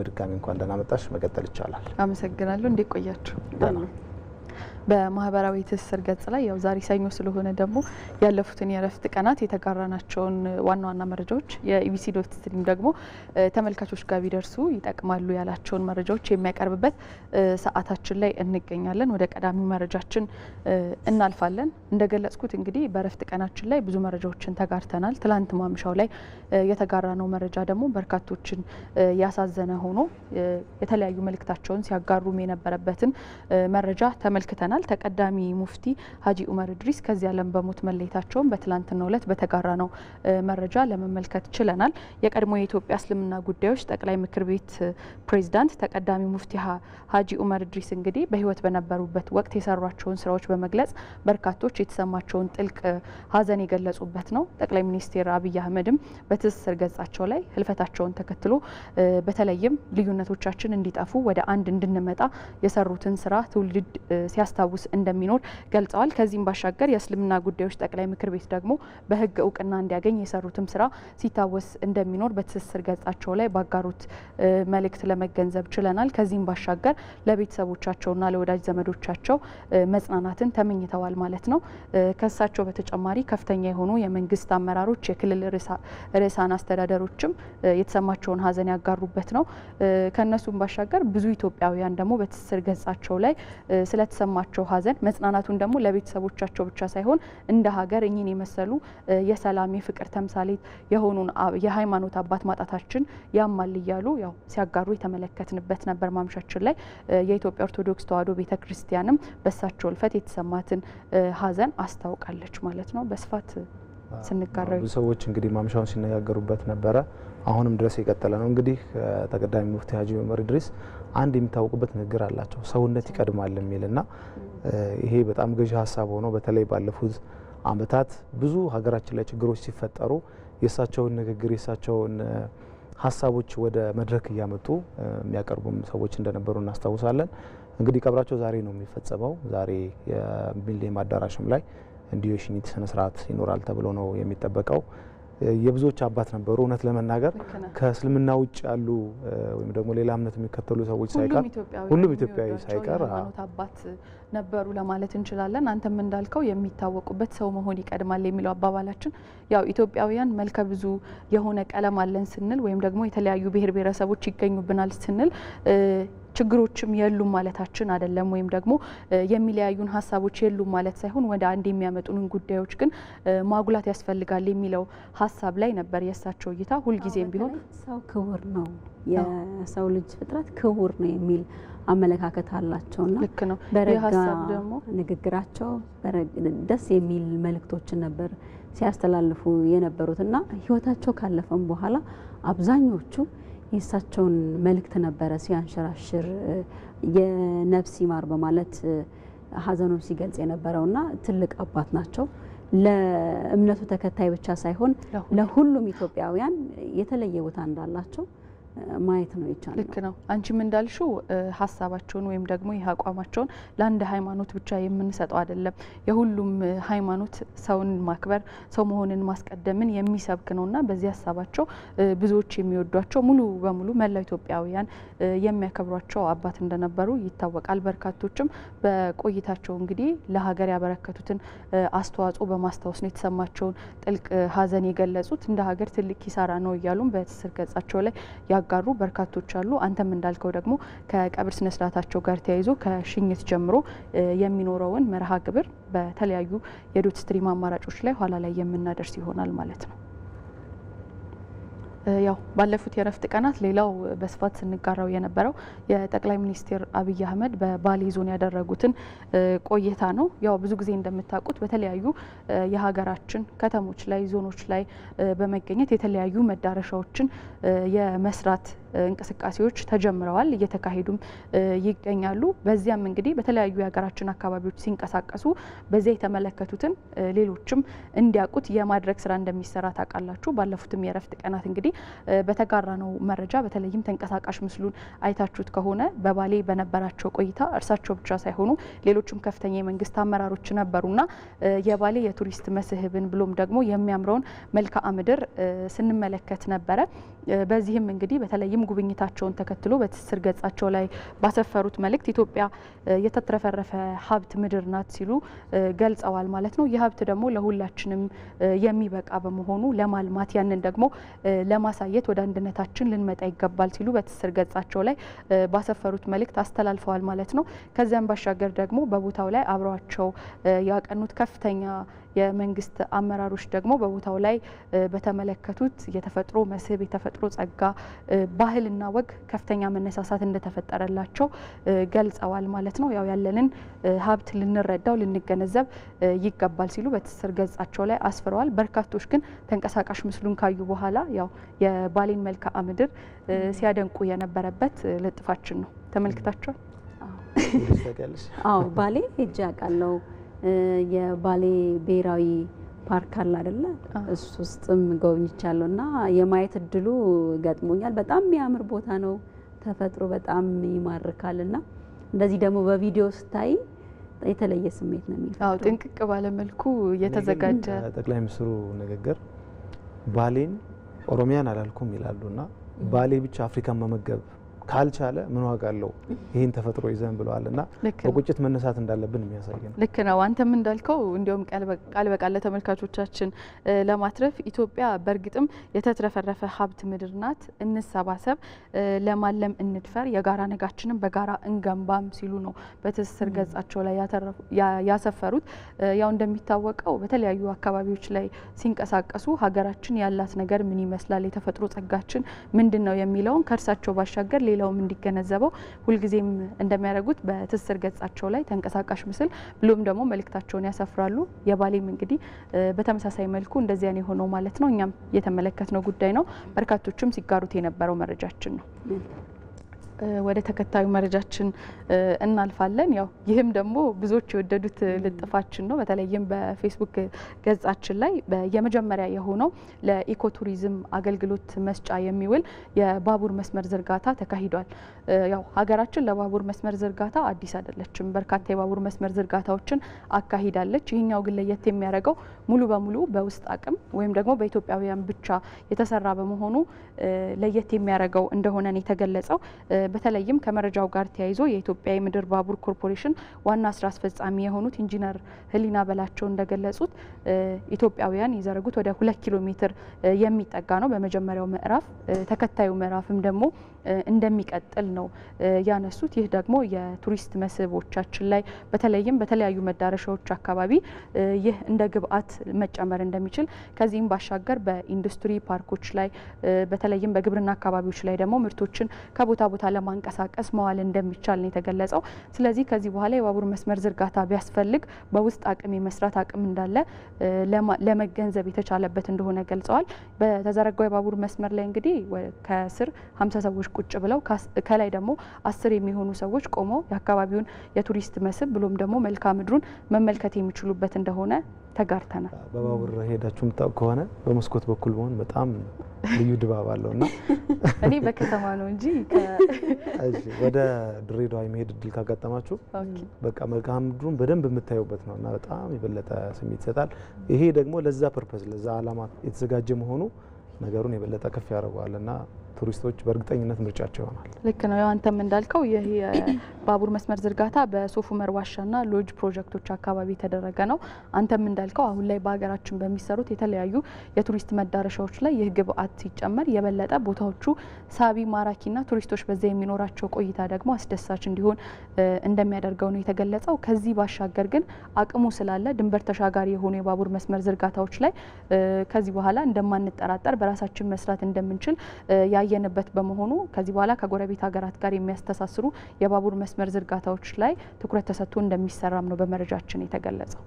በድጋሚ እንኳን ደህና መጣሽ። መቀጠል ይቻላል። አመሰግናለሁ። እንዴት ቆያችሁ? በማህበራዊ ትስስር ገጽ ላይ ያው ዛሬ ሰኞ ስለሆነ ደግሞ ያለፉትን የእረፍት ቀናት የተጋራናቸውን ዋና ዋና መረጃዎች የኢቢሲ ዶት ስትሪም ደግሞ ተመልካቾች ጋር ቢደርሱ ይጠቅማሉ ያላቸውን መረጃዎች የሚያቀርብበት ሰዓታችን ላይ እንገኛለን። ወደ ቀዳሚ መረጃችን እናልፋለን። እንደገለጽኩት እንግዲህ በእረፍት ቀናችን ላይ ብዙ መረጃዎችን ተጋርተናል። ትላንት ማምሻው ላይ የተጋራነው መረጃ ደግሞ በርካቶችን ያሳዘነ ሆኖ የተለያዩ መልእክታቸውን ሲያጋሩም የነበረበትን መረጃ ተመልክተናል። ይገኛል። ተቀዳሚ ሙፍቲ ሀጂ ኡመር እድሪስ ከዚህ ዓለም በሞት መለየታቸውን በትላንትናው ዕለት በተጋራ ነው መረጃ ለመመልከት ችለናል። የቀድሞ የኢትዮጵያ እስልምና ጉዳዮች ጠቅላይ ምክር ቤት ፕሬዚዳንት ተቀዳሚ ሙፍቲ ሀጂ ኡመር እድሪስ እንግዲህ በህይወት በነበሩበት ወቅት የሰሯቸውን ስራዎች በመግለጽ በርካቶች የተሰማቸውን ጥልቅ ሀዘን የገለጹበት ነው። ጠቅላይ ሚኒስትር አብይ አህመድም በትስስር ገጻቸው ላይ ህልፈታቸውን ተከትሎ በተለይም ልዩነቶቻችን እንዲጠፉ ወደ አንድ እንድንመጣ የሰሩትን ስራ ትውልድ ሲያስታ ሲያስታውስ እንደሚኖር ገልጸዋል። ከዚህም ባሻገር የእስልምና ጉዳዮች ጠቅላይ ምክር ቤት ደግሞ በህግ እውቅና እንዲያገኝ የሰሩትም ስራ ሲታወስ እንደሚኖር በትስስር ገጻቸው ላይ ባጋሩት መልእክት ለመገንዘብ ችለናል። ከዚህም ባሻገር ለቤተሰቦቻቸውና ለወዳጅ ዘመዶቻቸው መጽናናትን ተመኝተዋል ማለት ነው። ከእሳቸው በተጨማሪ ከፍተኛ የሆኑ የመንግስት አመራሮች፣ የክልል ርዕሳን አስተዳደሮችም የተሰማቸውን ሀዘን ያጋሩበት ነው። ከእነሱም ባሻገር ብዙ ኢትዮጵያውያን ደግሞ በትስስር ገጻቸው ላይ ስለተሰማ በተሰማቸው ሐዘን መጽናናቱን ደግሞ ለቤተሰቦቻቸው ብቻ ሳይሆን እንደ ሀገር እኚህን የመሰሉ የሰላም የፍቅር ተምሳሌት የሆኑን የሃይማኖት አባት ማጣታችን ያማል እያሉ ያው ሲያጋሩ የተመለከትንበት ነበር። ማምሻችን ላይ የኢትዮጵያ ኦርቶዶክስ ተዋሕዶ ቤተ ክርስቲያንም በሳቸው እልፈት የተሰማትን ሐዘን አስታውቃለች ማለት ነው በስፋት ስንጋራው ብዙ ሰዎች እንግዲህ ማምሻውን ሲነጋገሩበት ነበረ። አሁንም ድረስ የቀጠለ ነው። እንግዲህ ተቀዳሚ ሙፍቲ ሀጂ ዑመር ኢድሪስ አንድ የሚታወቁበት ንግግር አላቸው ሰውነት ይቀድማል ና ይሄ በጣም ገዢ ሀሳብ ሆኖ በተለይ ባለፉት አመታት ብዙ ሀገራችን ላይ ችግሮች ሲፈጠሩ የእሳቸውን ንግግር የእሳቸውን ሀሳቦች ወደ መድረክ እያመጡ የሚያቀርቡም ሰዎች እንደነበሩ እናስታውሳለን። እንግዲህ ቀብራቸው ዛሬ ነው የሚፈጸመው። ዛሬ የሚሌኒየም አዳራሽም ላይ እንዲሁ የሽኝት ስነ ስርዓት ይኖራል ተብሎ ነው የሚጠበቀው። የብዙዎች አባት ነበሩ። እውነት ለመናገር ከእስልምና ውጭ ያሉ ወይም ደግሞ ሌላ እምነት የሚከተሉ ሰዎች ሳይቀር ሁሉም ኢትዮጵያዊ ሳይቀር አባት ነበሩ ለማለት እንችላለን። አንተም እንዳልከው የሚታወቁበት ሰው መሆን ይቀድማል የሚለው አባባላችን ያው ኢትዮጵያውያን መልከ ብዙ የሆነ ቀለም አለን ስንል ወይም ደግሞ የተለያዩ ብሔር ብሔረሰቦች ይገኙብናል ስንል ችግሮችም የሉም ማለታችን አይደለም፣ ወይም ደግሞ የሚለያዩን ሀሳቦች የሉም ማለት ሳይሆን ወደ አንድ የሚያመጡንን ጉዳዮች ግን ማጉላት ያስፈልጋል የሚለው ሀሳብ ላይ ነበር የእሳቸው እይታ። ሁልጊዜም ቢሆን ሰው ክቡር ነው፣ የሰው ልጅ ፍጥረት ክቡር ነው የሚል አመለካከት አላቸውና ልክ ነው። በረጋ ንግግራቸው ደስ የሚል መልእክቶችን ነበር ሲያስተላልፉ የነበሩትና ህይወታቸው ካለፈም በኋላ አብዛኞቹ የእሳቸውን መልእክት ነበረ ሲያንሸራሽር የነፍስ ይማር በማለት ሀዘኑን ሲገልጽ የነበረው እና ትልቅ አባት ናቸው። ለእምነቱ ተከታይ ብቻ ሳይሆን ለሁሉም ኢትዮጵያውያን የተለየ ቦታ እንዳላቸው ማየት ነው ይቻላል። ልክ ነው። አንቺም እንዳልሽው ሀሳባቸውን ወይም ደግሞ ይህ አቋማቸውን ለአንድ ሃይማኖት ብቻ የምንሰጠው አይደለም። የሁሉም ሃይማኖት ሰውን ማክበር፣ ሰው መሆንን ማስቀደምን የሚሰብክ ነውና በዚህ ሀሳባቸው ብዙዎች የሚወዷቸው ሙሉ በሙሉ መላው ኢትዮጵያውያን የሚያከብሯቸው አባት እንደነበሩ ይታወቃል። በርካቶችም በቆይታቸው እንግዲህ ለሀገር ያበረከቱትን አስተዋጽኦ በማስታወስ ነው የተሰማቸውን ጥልቅ ሀዘን የገለጹት። እንደ ሀገር ትልቅ ኪሳራ ነው እያሉም በትስስር ገጻቸው ላይ ያጋሩ በርካቶች አሉ። አንተም እንዳልከው ደግሞ ከቀብር ስነስርዓታቸው ጋር ተያይዞ ከሽኝት ጀምሮ የሚኖረውን መርሃ ግብር በተለያዩ የዶት ስትሪም አማራጮች ላይ ኋላ ላይ የምናደርስ ይሆናል ማለት ነው። ያው ባለፉት የረፍት ቀናት ሌላው በስፋት ስንጋራው የነበረው የጠቅላይ ሚኒስትር አብይ አህመድ በባሌ ዞን ያደረጉትን ቆይታ ነው። ያው ብዙ ጊዜ እንደምታውቁት በተለያዩ የሀገራችን ከተሞች ላይ ዞኖች ላይ በመገኘት የተለያዩ መዳረሻዎችን የመስራት እንቅስቃሴዎች ተጀምረዋል፣ እየተካሄዱም ይገኛሉ። በዚያም እንግዲህ በተለያዩ የሀገራችን አካባቢዎች ሲንቀሳቀሱ በዚያ የተመለከቱትን ሌሎችም እንዲያውቁት የማድረግ ስራ እንደሚሰራ ታውቃላችሁ። ባለፉትም የእረፍት ቀናት እንግዲህ በተጋራ ነው መረጃ በተለይም ተንቀሳቃሽ ምስሉን አይታችሁት ከሆነ በባሌ በነበራቸው ቆይታ እርሳቸው ብቻ ሳይሆኑ ሌሎችም ከፍተኛ የመንግስት አመራሮች ነበሩና የባሌ የቱሪስት መስህብን ብሎም ደግሞ የሚያምረውን መልክዓ ምድር ስንመለከት ነበረ። በዚህም እንግዲህ በተለይም በተለይም ጉብኝታቸውን ተከትሎ በትስስር ገጻቸው ላይ ባሰፈሩት መልእክት ኢትዮጵያ የተትረፈረፈ ሀብት ምድር ናት ሲሉ ገልጸዋል ማለት ነው። ይህ ሀብት ደግሞ ለሁላችንም የሚበቃ በመሆኑ ለማልማት ያንን ደግሞ ለማሳየት ወደ አንድነታችን ልንመጣ ይገባል ሲሉ በትስስር ገጻቸው ላይ ባሰፈሩት መልእክት አስተላልፈዋል ማለት ነው። ከዚያም ባሻገር ደግሞ በቦታው ላይ አብረዋቸው ያቀኑት ከፍተኛ የመንግስት አመራሮች ደግሞ በቦታው ላይ በተመለከቱት የተፈጥሮ መስህብ የተፈጥሮ ጸጋ ባህልና ወግ ከፍተኛ መነሳሳት እንደተፈጠረላቸው ገልጸዋል ማለት ነው። ያው ያለንን ሀብት ልንረዳው ልንገነዘብ ይገባል ሲሉ በትስስር ገጻቸው ላይ አስፍረዋል። በርካቶች ግን ተንቀሳቃሽ ምስሉን ካዩ በኋላ ያው የባሌን መልክዓ ምድር ሲያደንቁ የነበረበት ልጥፋችን ነው። ተመልክታቸዋል። አዎ ባሌ ሄጄ አውቃለሁ። የባሌ ብሔራዊ ፓርክ አለ አይደለ? እሱ ውስጥም ጎብኝቻለሁ እና የማየት እድሉ ገጥሞኛል። በጣም የሚያምር ቦታ ነው። ተፈጥሮ በጣም ይማርካል እና እንደዚህ ደግሞ በቪዲዮ ስታይ የተለየ ስሜት ነው የሚፈጥረው። ጥንቅቅ ባለ መልኩ የተዘጋጀ ጠቅላይ ሚኒስትሩ ንግግር ባሌን ኦሮሚያን አላልኩም ይላሉና ባሌ ብቻ አፍሪካን መመገብ ካልቻለ ምን ዋጋ አለው ይህን ተፈጥሮ ይዘን ብለዋል። እና በቁጭት መነሳት እንዳለብን የሚያሳይ ነው። ልክ ነው። አንተም እንዳልከው እንዲሁም ቃል በቃል ለተመልካቾቻችን ለማትረፍ ኢትዮጵያ በእርግጥም የተትረፈረፈ ሀብት ምድር ናት፣ እንሰባሰብ፣ ለማለም እንድፈር፣ የጋራ ነጋችንን በጋራ እንገንባም ሲሉ ነው በትስስር ገጻቸው ላይ ያሰፈሩት። ያው እንደሚታወቀው በተለያዩ አካባቢዎች ላይ ሲንቀሳቀሱ ሀገራችን ያላት ነገር ምን ይመስላል፣ የተፈጥሮ ጸጋችን ምንድን ነው የሚለውን ከእርሳቸው ባሻገር ሌላውም እንዲገነዘበው ሁልጊዜም እንደሚያደርጉት በትስር ገጻቸው ላይ ተንቀሳቃሽ ምስል ብሎም ደግሞ መልእክታቸውን ያሰፍራሉ። የባሌም እንግዲህ በተመሳሳይ መልኩ እንደዚያን የሆነው ማለት ነው። እኛም የተመለከትነው ጉዳይ ነው። በርካቶችም ሲጋሩት የነበረው መረጃችን ነው። ወደ ተከታዩ መረጃችን እናልፋለን። ያው ይህም ደግሞ ብዙዎች የወደዱት ልጥፋችን ነው። በተለይም በፌስቡክ ገጻችን ላይ የመጀመሪያ የሆነው ለኢኮቱሪዝም አገልግሎት መስጫ የሚውል የባቡር መስመር ዝርጋታ ተካሂዷል። ያው ሀገራችን ለባቡር መስመር ዝርጋታ አዲስ አይደለችም። በርካታ የባቡር መስመር ዝርጋታዎችን አካሂዳለች። ይህኛው ግን ለየት የሚያደርገው ሙሉ በሙሉ በውስጥ አቅም ወይም ደግሞ በኢትዮጵያውያን ብቻ የተሰራ በመሆኑ ለየት የሚያደርገው እንደሆነ ነው የተገለጸው። በተለይም ከመረጃው ጋር ተያይዞ የኢትዮጵያ የምድር ባቡር ኮርፖሬሽን ዋና ስራ አስፈጻሚ የሆኑት ኢንጂነር ህሊና በላቸው እንደገለጹት ኢትዮጵያውያን የዘረጉት ወደ ሁለት ኪሎ ሜትር የሚጠጋ ነው በመጀመሪያው ምዕራፍ። ተከታዩ ምዕራፍም ደግሞ እንደሚቀጥል ነው ያነሱት። ይህ ደግሞ የቱሪስት መስህቦቻችን ላይ በተለይም በተለያዩ መዳረሻዎች አካባቢ ይህ እንደ ግብአት መጨመር እንደሚችል ከዚህም ባሻገር በኢንዱስትሪ ፓርኮች ላይ በተለይም በግብርና አካባቢዎች ላይ ደግሞ ምርቶችን ከቦታ ቦታ ለማንቀሳቀስ መዋል እንደሚቻል ነው የተገለጸው። ስለዚህ ከዚህ በኋላ የባቡር መስመር ዝርጋታ ቢያስፈልግ በውስጥ አቅም የመስራት አቅም እንዳለ ለመገንዘብ የተቻለበት እንደሆነ ገልጸዋል። በተዘረጋው የባቡር መስመር ላይ እንግዲህ ከስር ሀምሳ ሰዎች ቁጭ ብለው ከላይ ደግሞ አስር የሚሆኑ ሰዎች ቆመው የአካባቢውን የቱሪስት መስህብ ብሎም ደግሞ መልክዓ ምድሩን መመልከት የሚችሉበት እንደሆነ ተጋርተናል። በባቡር ሄዳችሁ የምታውቅ ከሆነ በመስኮት በኩል ሆን በጣም ልዩ ድባብ አለው እና እኔ በከተማ ነው እንጂ ወደ ድሬዳዋ የመሄድ እድል ካጋጠማችሁ በቃ መልክዓ ምድሩን በደንብ የምታዩበት ነው እና በጣም የበለጠ ስሜት ይሰጣል። ይሄ ደግሞ ለዛ ፐርፐስ ለዛ አላማ የተዘጋጀ መሆኑ ነገሩን የበለጠ ከፍ ያደርገዋል እና ቱሪስቶች በእርግጠኝነት ምርጫቸው ይሆናል። ልክ ነው። ያው አንተም እንዳልከው ይህ የባቡር መስመር ዝርጋታ በሶፍ ዑመር ዋሻና ሎጅ ፕሮጀክቶች አካባቢ የተደረገ ነው። አንተም እንዳልከው አሁን ላይ በሀገራችን በሚሰሩት የተለያዩ የቱሪስት መዳረሻዎች ላይ ይህ ግብአት ሲጨመር የበለጠ ቦታዎቹ ሳቢ፣ ማራኪና ቱሪስቶች በዚያ የሚኖራቸው ቆይታ ደግሞ አስደሳች እንዲሆን እንደሚያደርገው ነው የተገለጸው። ከዚህ ባሻገር ግን አቅሙ ስላለ ድንበር ተሻጋሪ የሆኑ የባቡር መስመር ዝርጋታዎች ላይ ከዚህ በኋላ እንደማንጠራጠር በራሳችን መስራት እንደምንችል ያየንበት በመሆኑ ከዚህ በኋላ ከጎረቤት ሀገራት ጋር የሚያስተሳስሩ የባቡር መስመር ዝርጋታዎች ላይ ትኩረት ተሰጥቶ እንደሚሰራም ነው በመረጃችን የተገለጸው።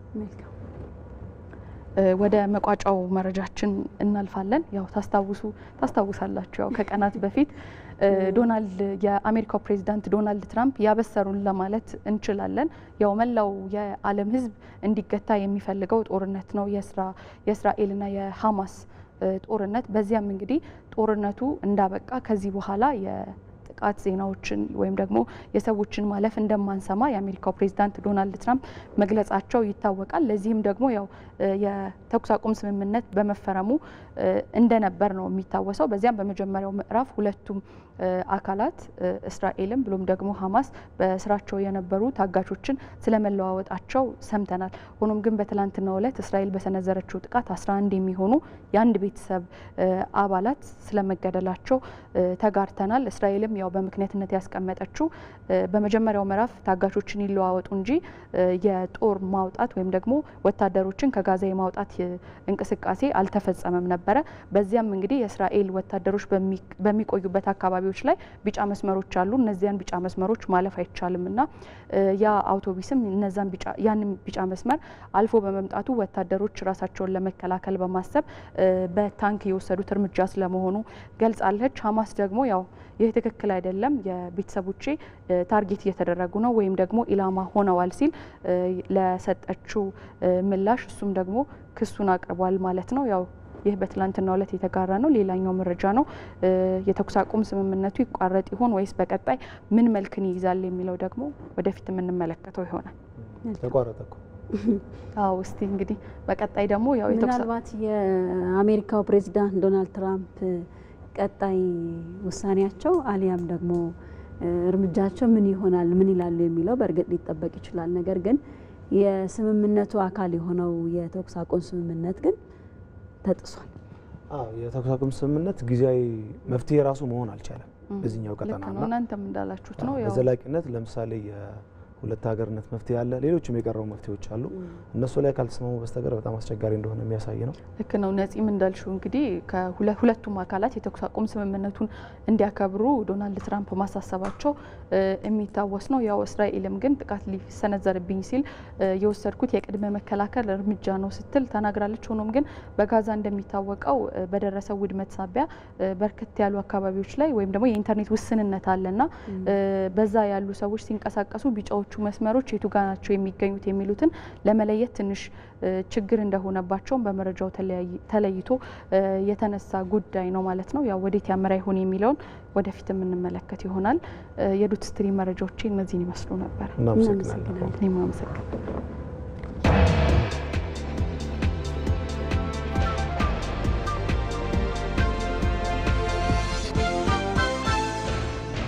ወደ መቋጫው መረጃችን እናልፋለን። ያው ታስታውሱ ታስታውሳላችሁ ያው ከቀናት በፊት ዶናልድ የአሜሪካው ፕሬዚዳንት ዶናልድ ትራምፕ ያበሰሩን ለማለት እንችላለን። ያው መላው የዓለም ሕዝብ እንዲገታ የሚፈልገው ጦርነት ነው የእስራኤልና የሐማስ ጦርነት በዚያም እንግዲህ ጦርነቱ እንዳበቃ ከዚህ በኋላ ጥቃት ዜናዎችን ወይም ደግሞ የሰዎችን ማለፍ እንደማንሰማ የአሜሪካው ፕሬዚዳንት ዶናልድ ትራምፕ መግለጻቸው ይታወቃል። ለዚህም ደግሞ ያው የተኩስ አቁም ስምምነት በመፈረሙ እንደነበር ነው የሚታወሰው። በዚያም በመጀመሪያው ምዕራፍ ሁለቱም አካላት እስራኤልም ብሎም ደግሞ ሀማስ በስራቸው የነበሩ ታጋቾችን ስለመለዋወጣቸው ሰምተናል። ሆኖም ግን በትላንትናው ዕለት እስራኤል በሰነዘረችው ጥቃት 11 የሚሆኑ የአንድ ቤተሰብ አባላት ስለመገደላቸው ተጋርተናል። እስራኤልም ያው በምክንያትነት ያስቀመጠችው በመጀመሪያው ምዕራፍ ታጋቾችን ይለዋወጡ እንጂ የጦር ማውጣት ወይም ደግሞ ወታደሮችን ከጋዛ የማውጣት እንቅስቃሴ አልተፈጸመም ነበረ። በዚያም እንግዲህ የእስራኤል ወታደሮች በሚቆዩበት አካባቢዎች ላይ ቢጫ መስመሮች አሉ። እነዚያን ቢጫ መስመሮች ማለፍ አይቻልም እና ያ አውቶቢስም እነዛን ያንን ቢጫ መስመር አልፎ በመምጣቱ ወታደሮች ራሳቸውን ለመከላከል በማሰብ በታንክ የወሰዱት እርምጃ ስለመሆኑ ገልጻለች። ሀማስ ደግሞ ያው ይህ ትክክል አይደለም የቤተሰቦቼ ታርጌት እየተደረጉ ነው ወይም ደግሞ ኢላማ ሆነዋል ሲል ለሰጠችው ምላሽ እሱም ደግሞ ክሱን አቅርቧል ማለት ነው። ያው ይህ በትላንትናው ዕለት የተጋራ ነው። ሌላኛው መረጃ ነው። የተኩስ አቁም ስምምነቱ ይቋረጥ ይሆን ወይስ በቀጣይ ምን መልክን ይይዛል የሚለው ደግሞ ወደፊት የምንመለከተው ይሆናል። ተቋረጠ እኮ አዎ። እስቲ እንግዲህ በቀጣይ ደግሞ ያው ምናልባት የአሜሪካው ፕሬዚዳንት ዶናልድ ትራምፕ ቀጣይ ውሳኔያቸው አሊያም ደግሞ እርምጃቸው ምን ይሆናል፣ ምን ይላሉ የሚለው በእርግጥ ሊጠበቅ ይችላል። ነገር ግን የስምምነቱ አካል የሆነው የተኩስ አቁም ስምምነት ግን ተጥሷል። አዎ የተኩስ አቁም ስምምነት ጊዜያዊ መፍትሄ ራሱ መሆን አልቻለም። እዚኛው ቀጠና እናንተም እንዳላችሁት ነው። በዘላቂነት ለምሳሌ ሁለት ሀገርነት መፍትሄ አለ። ሌሎችም የቀረቡ መፍትሄዎች አሉ። እነሱ ላይ ካልተስማሙ በስተቀር በጣም አስቸጋሪ እንደሆነ የሚያሳይ ነው። ልክ ነው። ነፂም እንዳልሽው እንግዲህ ከሁለቱም አካላት የተኩስ አቁም ስምምነቱን እንዲያከብሩ ዶናልድ ትራምፕ ማሳሰባቸው የሚታወስ ነው። ያው እስራኤልም ግን ጥቃት ሊሰነዘርብኝ ሲል የወሰድኩት የቅድመ መከላከል እርምጃ ነው ስትል ተናግራለች። ሆኖም ግን በጋዛ እንደሚታወቀው በደረሰው ውድመት ሳቢያ በርከት ያሉ አካባቢዎች ላይ ወይም ደግሞ የኢንተርኔት ውስንነት አለና በዛ ያሉ ሰዎች ሲንቀሳቀሱ ቢጫዎች ያላችሁ መስመሮች የቱ ጋ ናቸው የሚገኙት የሚሉትን ለመለየት ትንሽ ችግር እንደሆነባቸውም በመረጃው ተለይቶ የተነሳ ጉዳይ ነው ማለት ነው። ያው ወዴት ያመራ ይሆን የሚለውን ወደፊት የምንመለከት ይሆናል። የዱት ስትሪም መረጃዎች እነዚህን ይመስሉ ነበር። እናመሰግናለን።